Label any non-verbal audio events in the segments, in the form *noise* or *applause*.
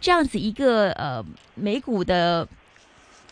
這樣子一個，呃，美股的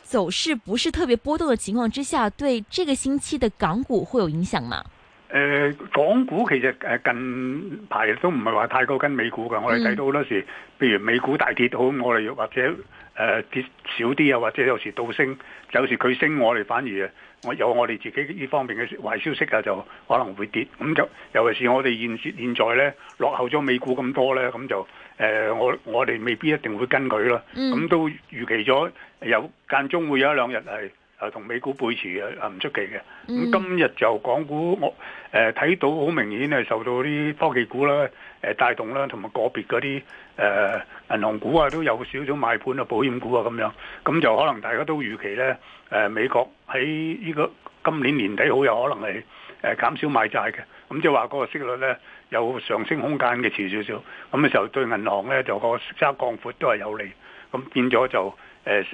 走勢不是特別波動的情況之下，對這個星期的港股會有影響嗎？誒、呃，港股其實誒近排都唔係話太過跟美股噶，我哋睇到好多時，譬、嗯、如美股大跌好，我哋或者誒、呃、跌少啲啊，或者有時倒升，有時佢升，我哋反而我有我哋自己呢方面嘅壞消息啊，就可能會跌。咁就尤其是我哋現現在咧落後咗美股咁多咧，咁就。誒，我我哋未必一定會跟佢咯，咁都預期咗有間中會有一兩日係誒同美股背馳嘅，唔出奇嘅。咁今日就港股我誒睇到好明顯係受到啲科技股啦、誒帶動啦，同埋個別嗰啲誒銀行股啊都有少少買盤啊，保險股啊咁樣，咁就可能大家都預期咧誒美國喺呢個今年年底好有可能係誒減少買債嘅。咁即係話嗰個息率咧有上升空間嘅遲少少，咁嘅時候對銀行咧就個息差擴闊都係有利，咁變咗就嚟、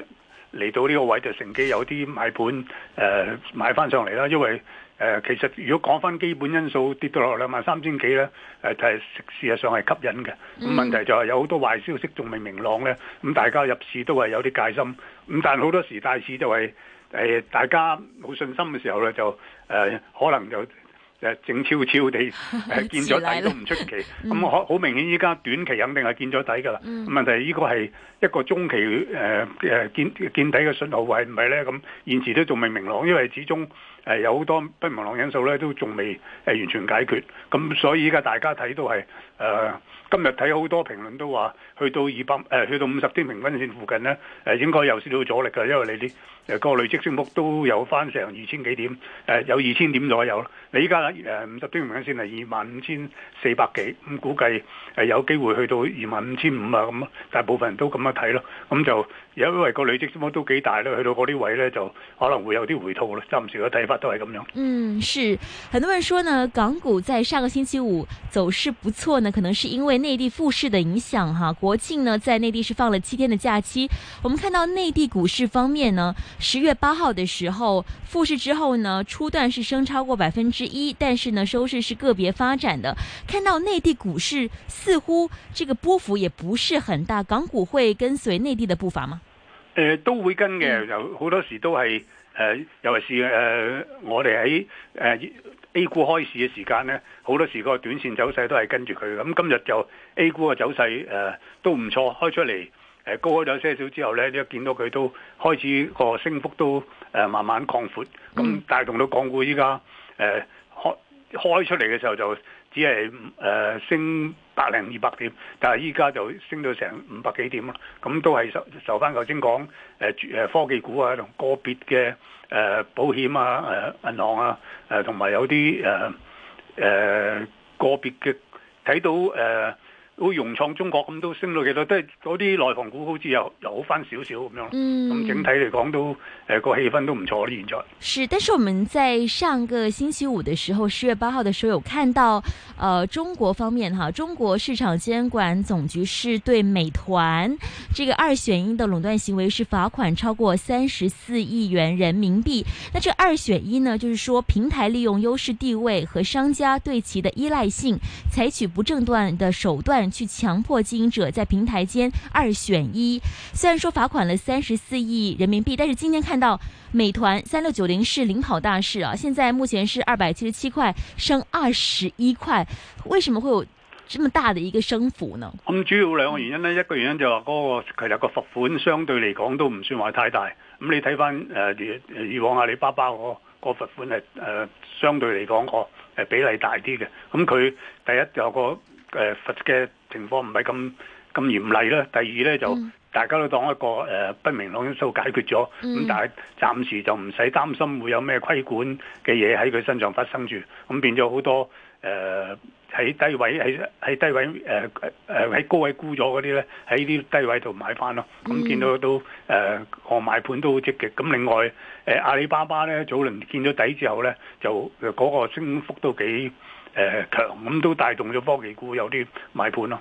欸、到呢個位就乘機有啲買盤、欸、買翻上嚟啦，因為、欸、其實如果講翻基本因素跌到落兩萬三千幾咧就係事實上係吸引嘅，咁問題就係有好多壞消息仲未明朗咧，咁大家入市都係有啲戒心，咁但係好多時大市就係、是欸、大家冇信心嘅時候咧就、欸、可能就。誒靜悄悄地誒見咗底都唔出奇，咁好好明顯，依家短期肯定係見咗底噶啦。問題係依個係一個中期誒誒見見底嘅信號係唔係咧？咁現時都仲未明朗，因為始終誒有好多不明朗因素咧，都仲未誒完全解決。咁所以依家大家睇到係。誒、啊、今日睇好多評論都話，去到二百誒去到五十天平均線附近咧，誒、啊、應該有少少阻力嘅，因為你啲誒、個累積升幅都有翻成二千幾點，誒、啊、有二千點左右，你依家誒五十天平均線係二萬五千四百幾，咁估計係有機會去到二萬五千五啊，咁，大部分人都咁樣睇咯，咁就。而因為個累積咁都幾大，去到嗰啲位呢，就可能會有啲回吐。暫時嘅睇法都係咁樣。嗯，是很多人說呢，港股在上個星期五走勢不錯呢，可能係因為內地復市嘅影響哈。國慶呢，在內地是放了七天嘅假期。我們看到內地股市方面呢，十月八號嘅時候復市之後呢，初段是升超過百分之一，但是呢收市是個別發展的。看到內地股市似乎這個波幅也不是很大，港股會跟隨內地的步伐嗎？誒、呃、都會跟嘅，有好多時都係誒、呃，尤其是誒、呃、我哋喺誒 A 股開市嘅時間咧，好多時個短線走勢都係跟住佢咁。今日就 A 股嘅走勢誒、呃、都唔錯，開出嚟誒、呃、高咗有些少之後咧，一見到佢都開始個升幅都誒、呃、慢慢擴闊，咁帶動到港股依家誒開開出嚟嘅時候就。只係誒、呃、升百零二百點，但係依家就升到成五百幾點咯，咁都係受受翻頭先講誒誒科技股啊，同個別嘅誒、呃、保險啊、誒銀行啊、誒同埋有啲誒誒個別嘅睇到誒。呃好，融創中國咁都升到，幾多都係嗰啲內房股好似又又好翻少少咁樣樣。咁、嗯、整體嚟講都誒個氣氛都唔錯，啲現在。是，但是我們在上個星期五的時候，十月八號的時候有看到，誒、呃、中國方面哈，中國市場監管總局是對美團這個二選一的壟斷行為，是罰款超過三十四億元人民幣。那這二選一呢，就是說平台利用優勢地位和商家對其的依賴性，採取不正當的手段。去強迫經營者在平台間二選一，雖然說罰款了三十四億人民幣，但是今天看到美團三六九零是領跑大市啊！現在目前是二百七十七塊升二十一塊，為什麼會有這麼大的一個升幅呢？咁、嗯、主要有兩個原因咧，一個原因就話嗰、那個其實個罰款相對嚟講都唔算話太大。咁你睇翻誒，以往阿里巴巴嗰個罰款係誒、呃、相對嚟講個誒比例大啲嘅。咁佢第一有、那個誒罰嘅。呃情況唔係咁咁嚴厲啦。第二咧就大家都當一個誒、嗯呃、不明朗因素解決咗，咁、嗯、但係暫時就唔使擔心會有咩規管嘅嘢喺佢身上發生住。咁變咗好多誒喺、呃、低位喺喺、呃、低位誒誒喺高位沽咗嗰啲咧喺啲低位度買翻咯。咁、嗯、見到都誒個買盤都好積極。咁另外誒、呃、阿里巴巴咧早輪見到底之後咧就嗰個升幅都幾。誒強咁都帶動咗科技股有啲買盤咯。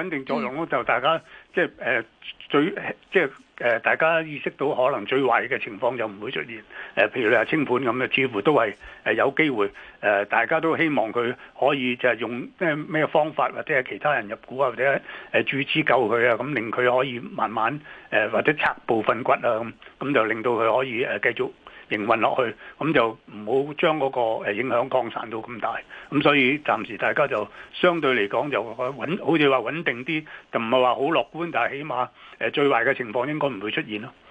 肯定作用咯，就大家即係誒、呃、最即係誒、呃、大家意識到可能最壞嘅情況就唔會出現誒、呃，譬如你話清盤咁啊，似乎都係誒有機會誒、呃，大家都希望佢可以就係用即係咩方法或者係其他人入股啊，或者誒注資救佢啊，咁令佢可以慢慢誒、呃、或者拆部分骨啊咁，咁就令到佢可以誒繼續。營運落去，咁就唔好將嗰個誒影響擴散到咁大，咁所以暫時大家就相對嚟講就穩，好似話穩定啲，就唔係話好樂觀，但係起碼誒最壞嘅情況應該唔會出現咯。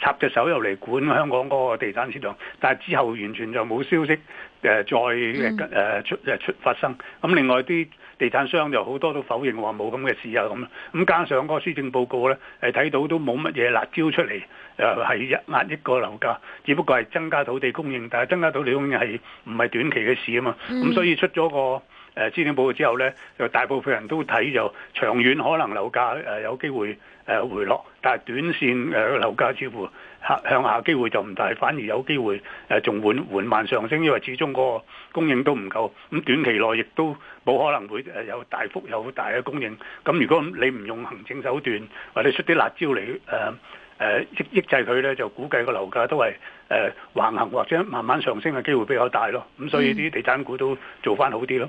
插隻手又嚟管香港嗰個地產市場，但係之後完全就冇消息誒再誒出誒出發生。咁另外啲地產商就好多都否認話冇咁嘅事啊，咁。咁加上嗰個施政報告咧，誒睇到都冇乜嘢辣椒出嚟，誒係壓抑一個樓價，只不過係增加土地供應，但係增加土地供應係唔係短期嘅事啊嘛。咁所以出咗個誒施政報告之後咧，就大部分人都睇就長遠可能樓價誒有機會。誒回落，但係短線誒樓價似乎向下機會就唔大，反而有機會誒仲緩緩慢上升，因為始終嗰個供應都唔夠。咁短期內亦都冇可能會誒有大幅有大嘅供應。咁如果你唔用行政手段，或者出啲辣招嚟誒誒抑抑制佢呢，就估計個樓價都係誒橫行或者慢慢上升嘅機會比較大咯。咁所以啲地產股都做返好啲咯。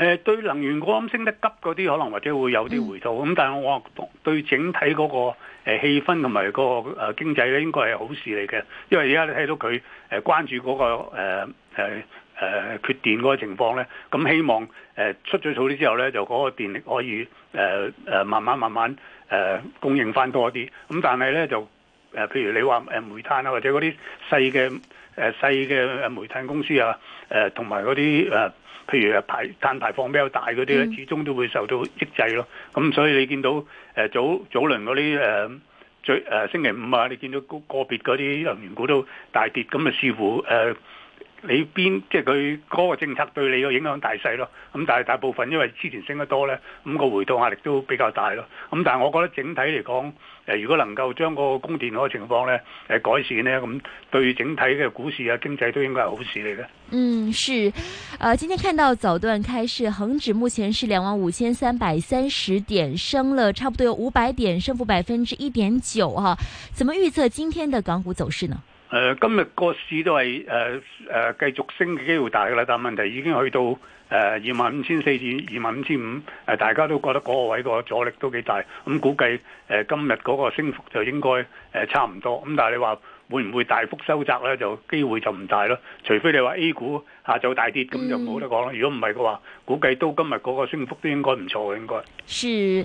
誒對能源股咁升得急嗰啲，可能或者會有啲回吐咁，嗯、但係我對整體嗰個誒氣氛同埋個誒經濟咧，應該係好事嚟嘅，因為而家你睇到佢誒關注嗰、嗰個誒誒、呃呃呃、缺電嗰個情況咧，咁、嗯、希望誒、呃、出咗措施之後咧，就嗰個電力可以誒誒、呃呃、慢慢慢慢誒、呃、供應翻多啲，咁但係咧就誒、呃、譬如你話誒煤炭啊，或者嗰啲細嘅。誒細嘅煤炭公司啊，誒同埋嗰啲誒，譬如排、啊、碳排放比較大嗰啲咧，始終都會受到抑制咯。咁所以你見到誒、啊、早早輪嗰啲誒，最誒、啊、星期五啊，你見到個別嗰啲能源股都大跌，咁啊似乎誒。你邊即係佢嗰個政策對你個影響大細咯？咁、嗯、但係大部分因為之前升得多咧，咁、嗯、個回吐壓力都比較大咯。咁、嗯、但係我覺得整體嚟講，誒、呃、如果能夠將嗰個供電嗰個情況咧，誒、呃、改善呢，咁、嗯、對整體嘅股市啊經濟都應該係好事嚟嘅。嗯，是、呃。今天看到早段開市，恒指目前是兩萬五千三百三十點，升了差不多有五百點升，升幅百分之一點九啊。怎麼預測今天的港股走勢呢？誒、呃、今日個市都係誒誒繼續升嘅機會大噶啦，但問題已經去到誒二萬五千四至二萬五千五，誒、呃呃、大家都覺得嗰個位個阻力都幾大，咁、嗯、估計誒、呃、今日嗰個升幅就應該誒、呃、差唔多，咁、嗯、但係你話會唔會大幅收窄咧？就機會就唔大咯，除非你話 A 股下晝大跌，咁就冇得講啦。如果唔係嘅話，估計都今日嗰個升幅都應該唔錯嘅，應該。是。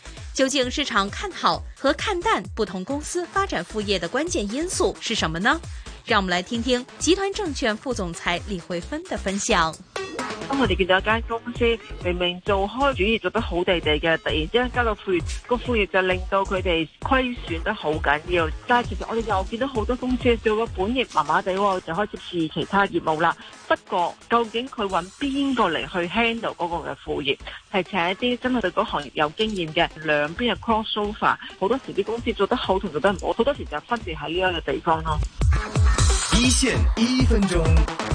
究竟市場看好和看淡不同公司發展副業的關鍵因素是什麼呢？讓我們來聽聽集團證券副總裁李慧芬的分享。當、啊、我哋見到一間公司明明做開主業做得好地地嘅，突然之間加個副業，個副業就令到佢哋虧損得好緊要。但係其實我哋又見到好多公司做咗本業麻麻地，就開始試其他業務啦。不過，究竟佢揾邊個嚟去 handle 嗰個嘅副業，係請一啲真係對嗰行業有經驗嘅，兩邊嘅 cross over，好多時啲公司做得好，同做得唔好，好多時就分別喺呢一個地方咯。一線一分鐘，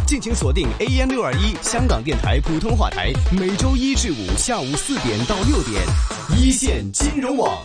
敬請鎖定 AM 六二一香港電台普通話台，每周一至五下午四點到六點，一線金融網。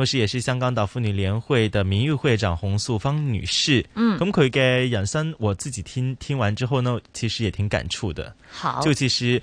同時，也是香港島婦女聯會的名譽會長洪素芳女士。嗯，咁佢嘅養生我自己聽聽完之後呢，其實也挺感觸的。好，就其實。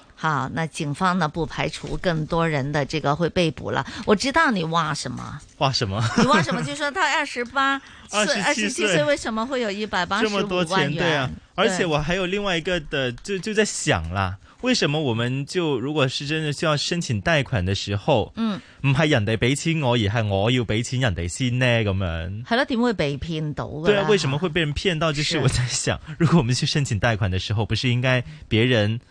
好，那警方呢，不排除更多人的這個會被捕了。我知道你挖什麼，挖什麼？ *laughs* 你挖什麼？就說他二十八，二十七歲為什麼會有一百八十多萬元，這麼多錢？對啊，對，而且我還有另外一個的，就就在想啦，為什麼我們就如果是真的需要申請貸款的時候，嗯，唔係人哋俾錢我，而係我要俾錢人哋先呢？咁樣，係咯？點會被騙到？對啊，為什麼會被人騙到？就是我在想，是如果我們去申請貸款的時候，不是應該別人？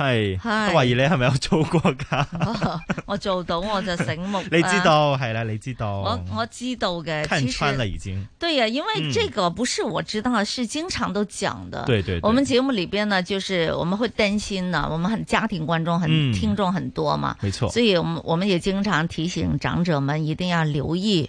係，hey, Hey. 我懷疑你係咪有做過㗎？ *laughs* oh, 我做到我就醒目。你知道，係啦，你知道。我我知道嘅。看穿了已經。對呀、啊，因為這個不是我知道，嗯、是經常都講的。對,對對。我們節目裏邊呢，就是我們會擔心呢、啊，我們很家庭觀眾，很聽眾很多嘛。嗯、沒錯。所以，我們我們也經常提醒長者們一定要留意。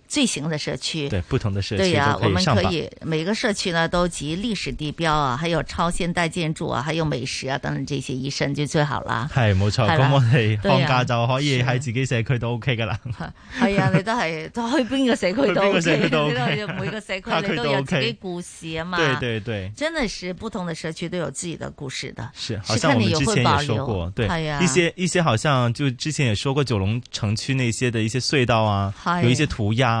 最型的社區，對不同的社區都可以，每個社區呢，都集歷史地標啊，還有超現代建築啊，還有美食啊等等這些，生就最好啦，係冇錯。咁我哋放假就可以喺自己社區都 OK 噶啦。係啊，你都係都去邊個社區都 OK。每個社區都有自己故事啊嘛，對對對，真的是不同的社區都有自己的故事的。是，好像你之前也說過，對，一些一些好像就之前也說過九龍城區那些的一些隧道啊，有一些塗鴉。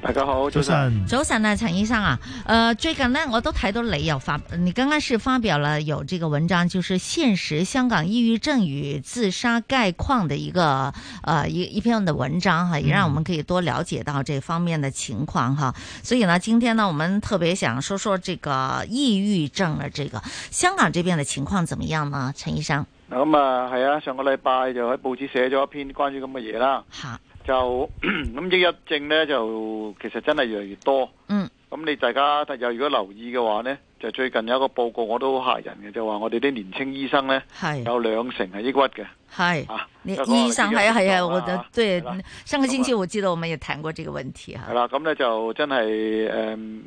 大家好，早晨。早晨啊，陳醫生啊，誒、呃，最近呢，我都睇到你有發，你剛剛是發表了有這個文章，就是《現實香港抑鬱症與自殺概況》的一個，呃一一篇的文章哈，也讓我們可以多了解到這方面的情況哈。嗯、所以呢，今天呢，我們特別想說說這個抑鬱症啊，這個香港這邊的情況怎麼樣呢？陳醫生。咁啊，係啊，上個禮拜就喺報紙寫咗一篇關於咁嘅嘢啦。吓。就咁 *coughs* 抑鬱症咧，就其實真係越嚟越多。嗯，咁、嗯、你大家有如果留意嘅話咧，就最近有一個報告我都好嚇人嘅，就話我哋啲年輕醫生咧，是有兩成係抑鬱嘅。係是啊，你醫生係啊係啊，我覺得即係上個星期我知道，我咪有談過這個問題嚇。係啦、啊，咁咧就真係誒。嗯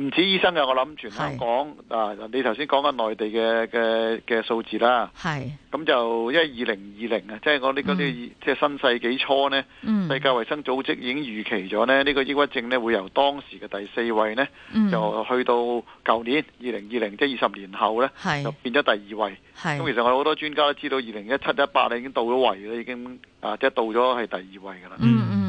唔止醫生嘅，我諗全香港是啊！你頭先講緊內地嘅嘅嘅數字啦，咁是就因為二零二零啊，即係我呢個即係新世紀初呢，嗯、世界衞生組織已經預期咗咧，呢、這個抑鬱症呢，會由當時嘅第四位呢，就、嗯、去到舊年二零二零，即係二十年後呢，是就變咗第二位。咁是其實我哋好多專家都知道，二零一七一八已經到咗位啦，已經啊，即係到咗係第二位噶啦。嗯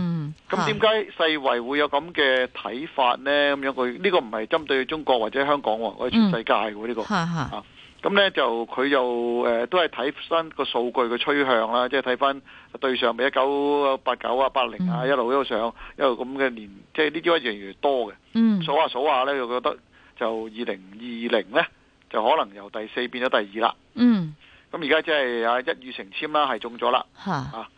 咁點解世衛會有咁嘅睇法呢？咁樣佢呢個唔係針對中國或者香港，我係全世界嘅呢個。咁呢、呃，就佢又誒，都係睇翻個數據嘅趨向啦，即係睇翻對上 89, 80,、嗯，比一九八九啊、八零啊，一路一路上，一路咁嘅年，即係呢啲一直越嚟越多嘅，數下數下呢，就覺得就二零二零呢，就可能由第四變咗第二啦。咁而家即係啊，一遇成千啦，係中咗啦。嗯啊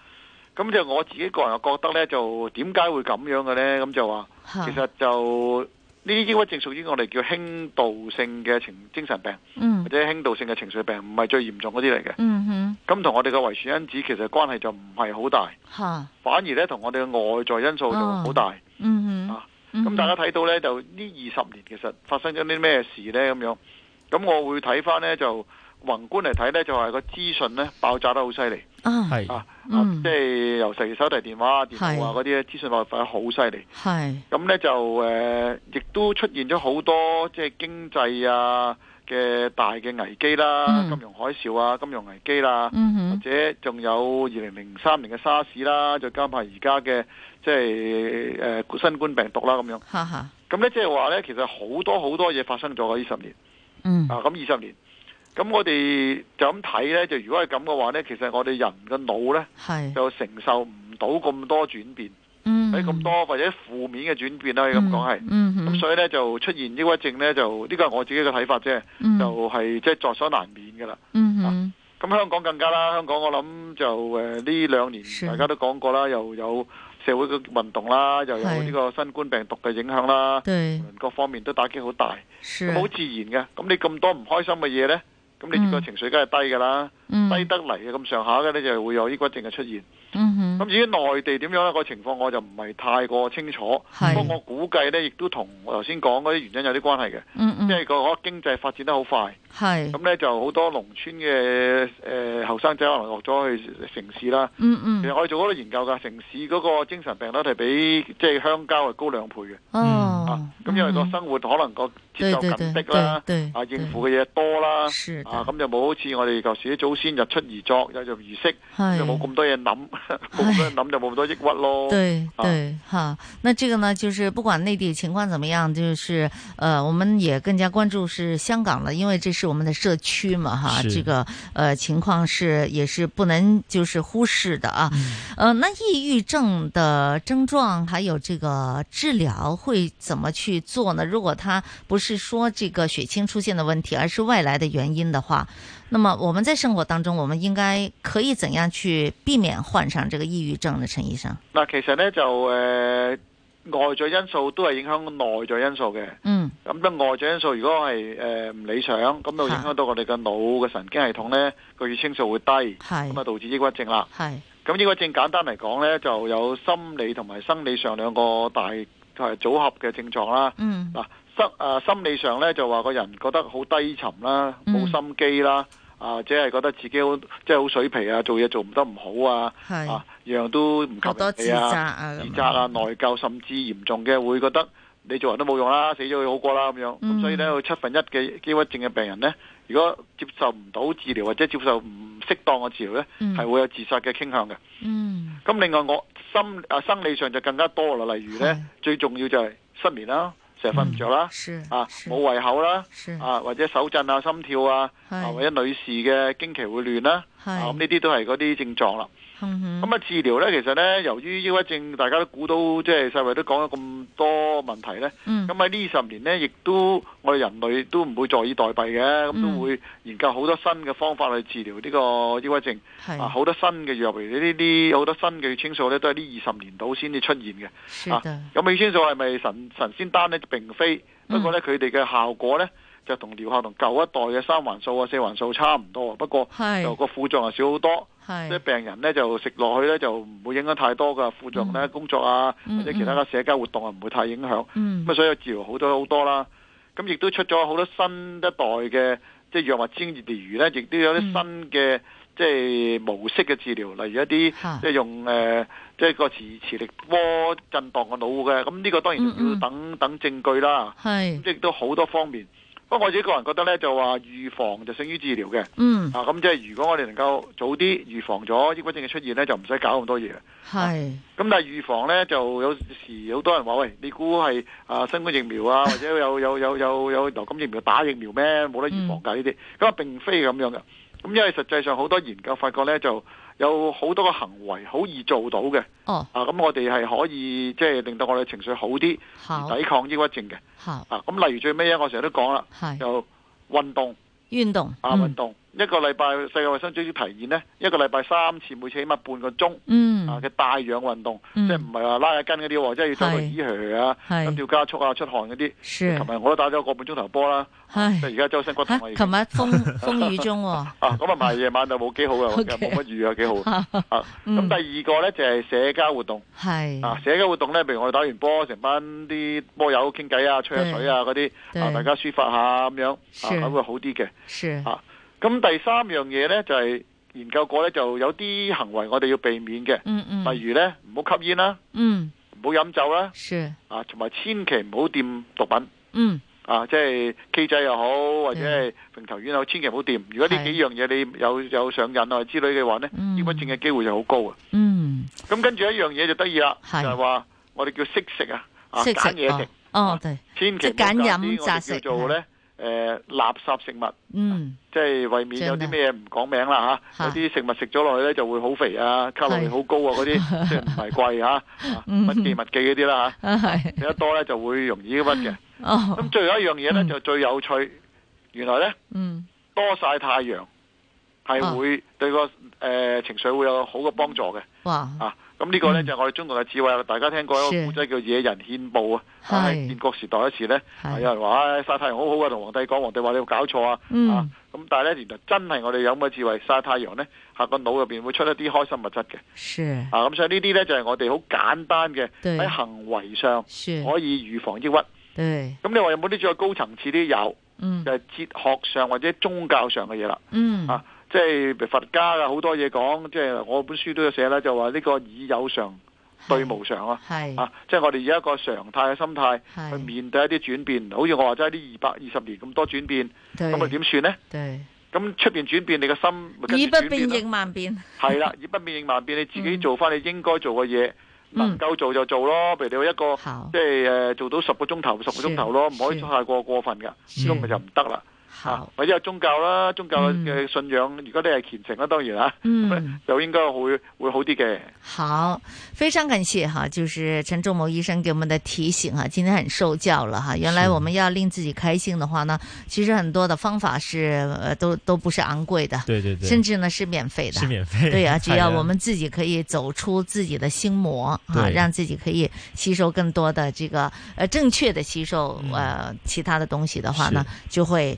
咁就我自己個人又覺得呢，就點解會咁樣嘅呢？咁就話其實就呢啲抑鬱症屬於我哋叫輕度性嘅情精神病，嗯、或者輕度性嘅情緒病，唔係最嚴重嗰啲嚟嘅。咁同、嗯、哼我哋嘅遺傳因子其實關係就唔係好大，啊、反而呢，同我哋嘅外在因素就好大。咁、啊嗯嗯啊、大家睇到呢，就呢二十年其實發生咗啲咩事呢？咁樣咁我會睇翻呢就。宏觀嚟睇咧，就係個資訊咧爆炸得好犀利，係啊，即係由實手提電話啊、電腦啊嗰啲是資訊爆炸得好犀利。係咁咧就誒、呃，亦都出現咗好多即係經濟啊嘅大嘅危機啦，嗯、金融海嘯啊，金融危機啦，嗯、哼或者仲有二零零三年嘅沙士啦，再加埋而家嘅即係誒、呃、新冠病毒啦咁樣。咁咧哈即係話咧，其實好多好多嘢發生咗二十年，嗯、啊，咁二十年。咁我哋就咁睇呢，就如果係咁嘅話呢，其實我哋人嘅腦呢，是就承受唔到咁多轉變，喺咁、嗯、多或者負面嘅轉變啦，可以咁講係，咁、嗯嗯、所以呢，就出現抑鬱症呢，就呢、這個係我自己嘅睇法啫、嗯就是，就係即係在所難免噶啦。咁、嗯哼啊、香港更加啦，香港我諗就誒呢、呃、兩年大家都講過啦，是又有社會嘅運動啦，是又有呢個新冠病毒嘅影響啦，對各方面都打擊好大，咁好是自然嘅。咁你咁多唔開心嘅嘢呢，咁你個情緒梗係低噶啦，低得嚟嘅咁上下嘅咧就會會有抑鬱症嘅出現。咁至於內地點樣一個情況，我就唔係太過清楚。不過我估計呢，亦都同我頭先講嗰啲原因有啲關係嘅。即係個經濟發展得好快。咁呢就好多農村嘅誒後生仔可能落咗去城市啦。其實我哋做好多研究㗎，城市嗰個精神病率係比即係鄉郊係高兩倍嘅。咁因為個生活可能個。對對對，迫啊，應付嘅嘢多啦、啊是的 嗯，是，啊咁就冇好似我哋舊時啲祖先日出而作日入而息，即係冇咁多嘢諗，冇咁はい 多嘢諗はい 就冇咁多抑鬱咯。對，啊、對對，哈，那這個呢，就是不管內地情況怎麼樣，就是，呃，我們也更加關注是香港啦，因為這是我們的社區嘛，哈，是 這個，呃，情況是也是不能就是忽視的啊，是呃，那抑鬱症的症狀，還有這個治療會怎麼去做呢？如果他不是，是說這個血清出現的問題，而是外來的原因的話，那麼我們在生活當中，我們應該可以怎樣去避免患上這個抑鬱症呢？陳醫生。嗱，其實呢，就誒、呃、外在因素都係影響內在因素嘅。嗯。咁樣、呃、外在因素如果係誒唔理想，咁就影響到我哋嘅腦嘅神經系統呢個、啊、血清素會低，係咁啊導致抑鬱症啦。係是。咁抑鬱症簡單嚟講呢，就有心理同埋生理上兩個大系組合嘅症狀啦。嗯。嗱、啊。心心理上咧就話個人覺得好低沉啦，冇心機啦，嗯、啊，即係覺得自己好即係好水皮啊，做嘢做唔得唔好啊，啊，樣樣都唔及人啊，自責啊，內責、啊、疚，甚至嚴重嘅會覺得你做人都冇用啦，死咗佢好過啦咁樣。咁、嗯、所以咧，有七分一嘅抑鬱症嘅病人咧，如果接受唔到治療或者接受唔適當嘅治療咧，係、嗯、會有自殺嘅傾向嘅。嗯。咁另外我心啊生理上就更加多啦，例如咧是最重要就係失眠啦。就瞓唔着啦，嗯、啊，冇胃口啦，是啊，或者手震啊、心跳啊，是啊，或者女士嘅經期會亂啦，啊，咁呢啲都係嗰啲症狀啦。咁啊，嗯、治療咧，其實咧，由於抑鬱症，大家都估到，即係世衛都講咗咁多問題咧。咁喺、嗯、呢二十年咧，亦都我哋人類都唔會坐以待斃嘅，咁、嗯、都會研究好多新嘅方法去治療呢個抑鬱症。是啊，好多新嘅藥，譬如呢啲好多新嘅血清素咧，都喺呢二十年度先至出現嘅。咁藥的、啊、血清素係咪神神仙丹咧，並非。不過咧，佢哋嘅效果咧。就同療效同舊一代嘅三環素啊、四環素差唔多，不過是就個副作用少好多。啲是病人咧就食落去咧就唔會影響太多嘅副作用咧，嗯、工作啊、嗯、或者其他嘅社交活動啊唔會太影響。咁、嗯、所以治療好多好多啦。咁亦都出咗好多新一代嘅即係藥物之餘咧，亦都有啲新嘅即係模式嘅治療，例如一啲即係用誒即係個磁磁力波震盪個腦嘅。咁呢個當然要等、嗯、等證據啦。咁即係都好多方面。不過我我自己個人覺得咧，就話預防就勝於治療嘅。嗯，啊咁即係如果我哋能夠早啲預防咗，抑鬱症嘅出現咧，就唔使搞咁多嘢。係是。咁、啊、但係預防咧，就有時好多人話：，喂，你估係啊新冠疫苗啊，或者有有有有有,有流感疫苗打疫苗咩？冇得預防㗎呢啲。咁啊、嗯、並非咁樣嘅。咁因為實際上好多研究發覺咧就。有好多嘅行為好易做到嘅，哦，oh. 啊，咁我哋係可以即係、就是、令到我哋情緒好啲，oh. 抵抗抑鬱症嘅，oh. 啊，咁例如最尾咧我成日都講啦，oh. 就運動，運動，啊，運動。嗯一個禮拜，世界衛生組織提現呢，一個禮拜三次，每次起碼半個鐘。啊嘅帶氧運動，即係唔係話拉下筋嗰啲，或者要稍微移下下心跳加速啊、出汗嗰啲。是。琴日我都打咗個半鐘頭波啦。即而家周身骨痛啊！琴日風風雨中。啊，咁啊，晚夜晚就冇幾好嘅，又冇乜雨啊，幾好。咁第二個咧就係社交活動。係。啊，社交活動咧，譬如我哋打完波，成班啲波友傾偈啊、吹下水啊嗰啲，啊大家抒發下咁樣，啊咁會好啲嘅。是。咁第三樣嘢咧就係研究過咧，就有啲行為我哋要避免嘅。嗯嗯。例如咧，唔好吸煙啦。嗯。唔好飲酒啦。是。啊，同埋千祈唔好掂毒品。嗯。啊，即係 K 仔又好，或者係平頭丸又好，千祈唔好掂。如果呢幾樣嘢你有有上癮啊之類嘅話咧，抑鬱症嘅機會就好高啊。嗯。咁跟住一樣嘢就得意啦，就係話我哋叫識食啊，啊揀嘢食。哦，對。千祈唔好亂咁做咧。誒，垃圾食物，即係為免有啲咩唔講名啦吓，有啲食物食咗落去咧就會好肥啊，卡路里好高啊，嗰啲即係唔係貴吓，乜記乜記嗰啲啦吓，食得多咧就會容易抑鬱嘅。咁最後一樣嘢咧就最有趣，原來咧多晒太陽係會對個誒情緒會有好嘅幫助嘅。哇！啊！咁呢、嗯、個呢，就係我哋中國嘅智慧，大家聽過一個古仔叫野人獻曝是啊，喺戰國時代一次呢。有人話晒、哎、太陽好好嘅，同皇帝講，皇帝話你搞錯啊，嗯、啊咁，但係呢，原來真係我哋有咁嘅智慧晒太陽呢，嚇、啊、個腦入邊會出一啲開心物質嘅。是咁、啊嗯、所以呢啲呢，就係、是、我哋好簡單嘅喺對行為上可以預防抑鬱。對，咁、啊、你話有冇啲再高層次啲有？嗯、就係哲學上或者宗教上嘅嘢啦。嗯、啊。即係佛家嘅好多嘢講，即係我本書都有寫啦，就話呢個以有常對無常啊，啊，即係我哋以一個常態嘅心態去面對一啲轉變，好似我話齋呢二百二十年咁多轉變，咁咪點算呢？咁出邊轉變，你個心以不變應萬變，係 *laughs* 啦，以不變應萬變，你自己做翻你應該做嘅嘢，嗯、能夠做就做咯。譬如你有一個好即係誒、呃，做到十個鐘頭、十個鐘頭咯，唔算可以太過過分噶，咁咪算就唔得啦。好，或者、啊就是、有宗教啦，宗教嘅信仰，嗯、如果你係虔誠啦，當然啦嗯，就應該會會好啲嘅。好，非常感謝哈，就是陳仲謀醫生給我們的提醒哈，今天很受教了哈。原來我們要令自己開心的話呢，是其實很多的方法是呃都都不是昂貴的，對對對，甚至呢是免費的，是免費，對啊，只要我們自己可以走出自己的心魔 *laughs* 啊，啊，讓自己可以吸收更多的這個，呃，正確的吸收，呃，其他的東西的話呢，是就會。.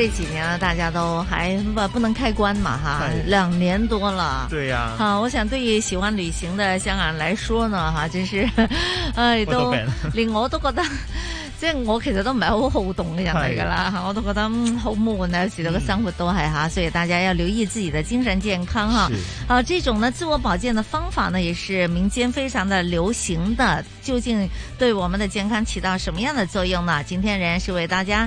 這幾年大家都還不不能開關嘛哈，哎、兩年多了。對呀、啊。哈、啊，我想對於喜歡旅行的香港人來說呢哈，真、就是哎都令我都覺得、哎呀，這我其實都唔係好好動嘅人嚟噶啦，我都覺得好悶啊，有時候嘅生活都係、嗯、哈，所以大家要留意自己嘅精神健康哈。是啊，這種呢自我保健的方法呢，也是民間非常的流行的，究竟對我們的健康起到什麼樣的作用呢？今天仍然是為大家。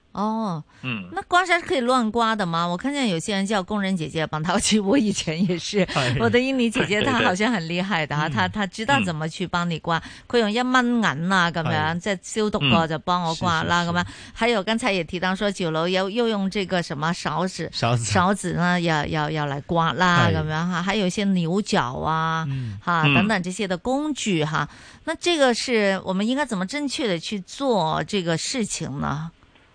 哦，嗯，那刮痧是可以亂刮的嗎？我看見有些人叫工人姐姐幫他去，我以前也是，我的印尼姐姐她好像很厲害的，她她知道怎麼去幫你刮，可用一蚊銀啊，咁樣，即係消毒過就幫我刮啦，咁樣。還有剛才也提到說，酒樓要又用這個什麼勺子，勺子，勺子呢，要要要來刮啦，咁樣哈。還有一些牛角啊，哈，等等這些的工具哈。那這個是我們應該怎麼正確的去做這個事情呢？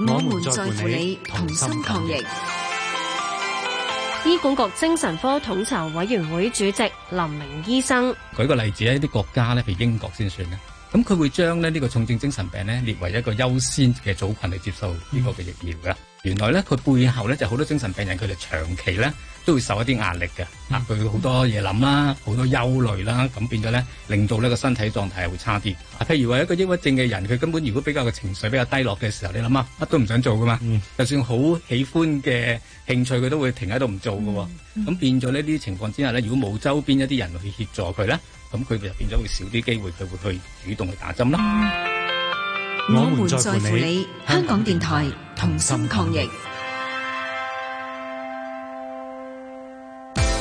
我們在乎你，同心抗疫。醫管局精神科統籌委員會主席林明醫生，舉個例子咧，啲國家咧，譬如英國先算咧，咁佢會將咧呢個重症精神病咧列為一個優先嘅組群嚟接受呢個嘅疫苗噶。嗯、原來咧，佢背後咧就好多精神病人，佢哋長期咧。都會受一啲壓力嘅，啊、嗯，佢好多嘢諗啦，好、嗯、多憂慮啦，咁變咗咧，令到呢個身體狀態係會差啲。啊，譬如話一個抑鬱症嘅人，佢根本如果比較個情緒比較低落嘅時候，你諗下，乜都唔想做噶嘛，嗯、就算好喜歡嘅興趣，佢都會停喺度唔做嘅喎。咁、嗯嗯、變咗呢啲情況之下咧，如果冇周邊一啲人去協助佢咧，咁佢就變咗會少啲機會，佢會去主動去打針啦。我們在乎你，香港電台同心抗疫。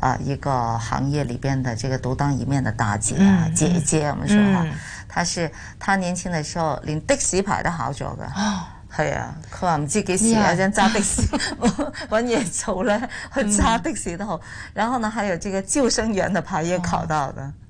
啊，一個行業裏邊的這個獨當一面的大姐啊，嗯、姐姐，我們說哈，嗯、她是她年輕的時候連的士牌都考咗㗎，係、哦、啊，佢話唔知幾時啊，想揸呀的士揾嘢做咧，去揸 *laughs* 的士都好，嗯、然後呢還有這個救生員的牌也考到的。哦